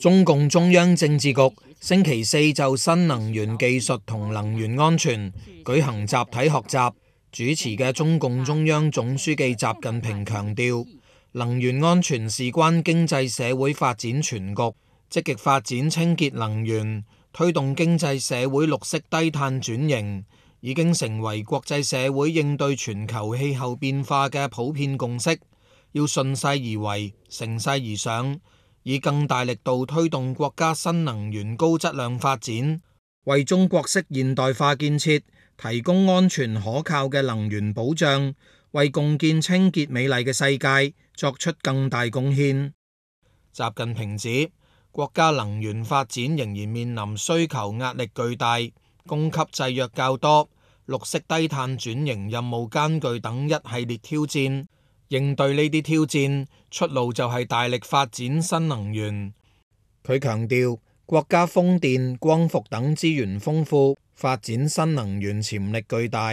中共中央政治局星期四就新能源技術同能源安全舉行集體學習，主持嘅中共中央總書記習近平強調，能源安全事關經濟社會發展全局，積極發展清潔能源，推動經濟社會綠色低碳轉型，已經成為國際社會應對全球氣候變化嘅普遍共識。要順勢而為，乘勢而上。以更大力度推動國家新能源高質量發展，為中國式現代化建設提供安全可靠嘅能源保障，為共建清潔美麗嘅世界作出更大貢獻。習近平指，國家能源發展仍然面臨需求壓力巨大、供給制約較多、綠色低碳轉型任務艱巨等一系列挑戰。應對呢啲挑戰，出路就係大力發展新能源。佢強調，國家風電、光伏等資源豐富，發展新能源潛力巨大。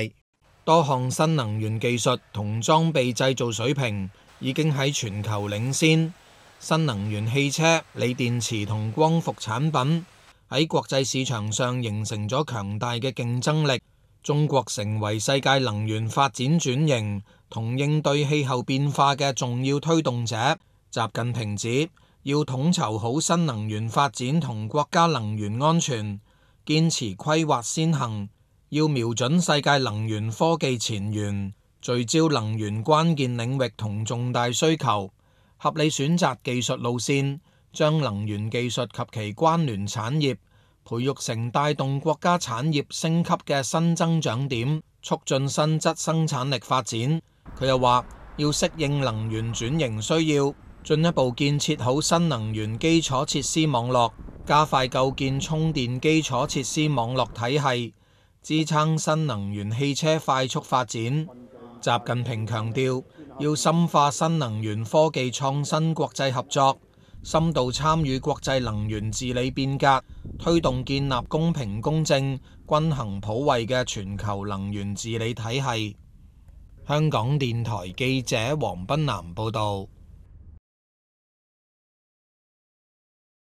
多項新能源技術同裝備製造水平已經喺全球領先。新能源汽車、鋰電池同光伏產品喺國際市場上形成咗強大嘅競爭力。中國成為世界能源發展轉型同應對氣候變化嘅重要推動者。習近平指，要統籌好新能源發展同國家能源安全，堅持規劃先行，要瞄準世界能源科技前沿，聚焦能源關鍵領域同重大需求，合理選擇技術路線，將能源技術及其關聯產業。培育成帶動國家產業升級嘅新增長點，促進新質生產力發展。佢又話，要適應能源轉型需要，進一步建設好新能源基礎設施網絡，加快構建充電基礎設施網絡體系，支撐新能源汽車快速發展。習近平強調，要深化新能源科技創新國際合作。深度參與國際能源治理變革，推動建立公平、公正、均衡、普惠嘅全球能源治理體系。香港電台記者黃斌南報導。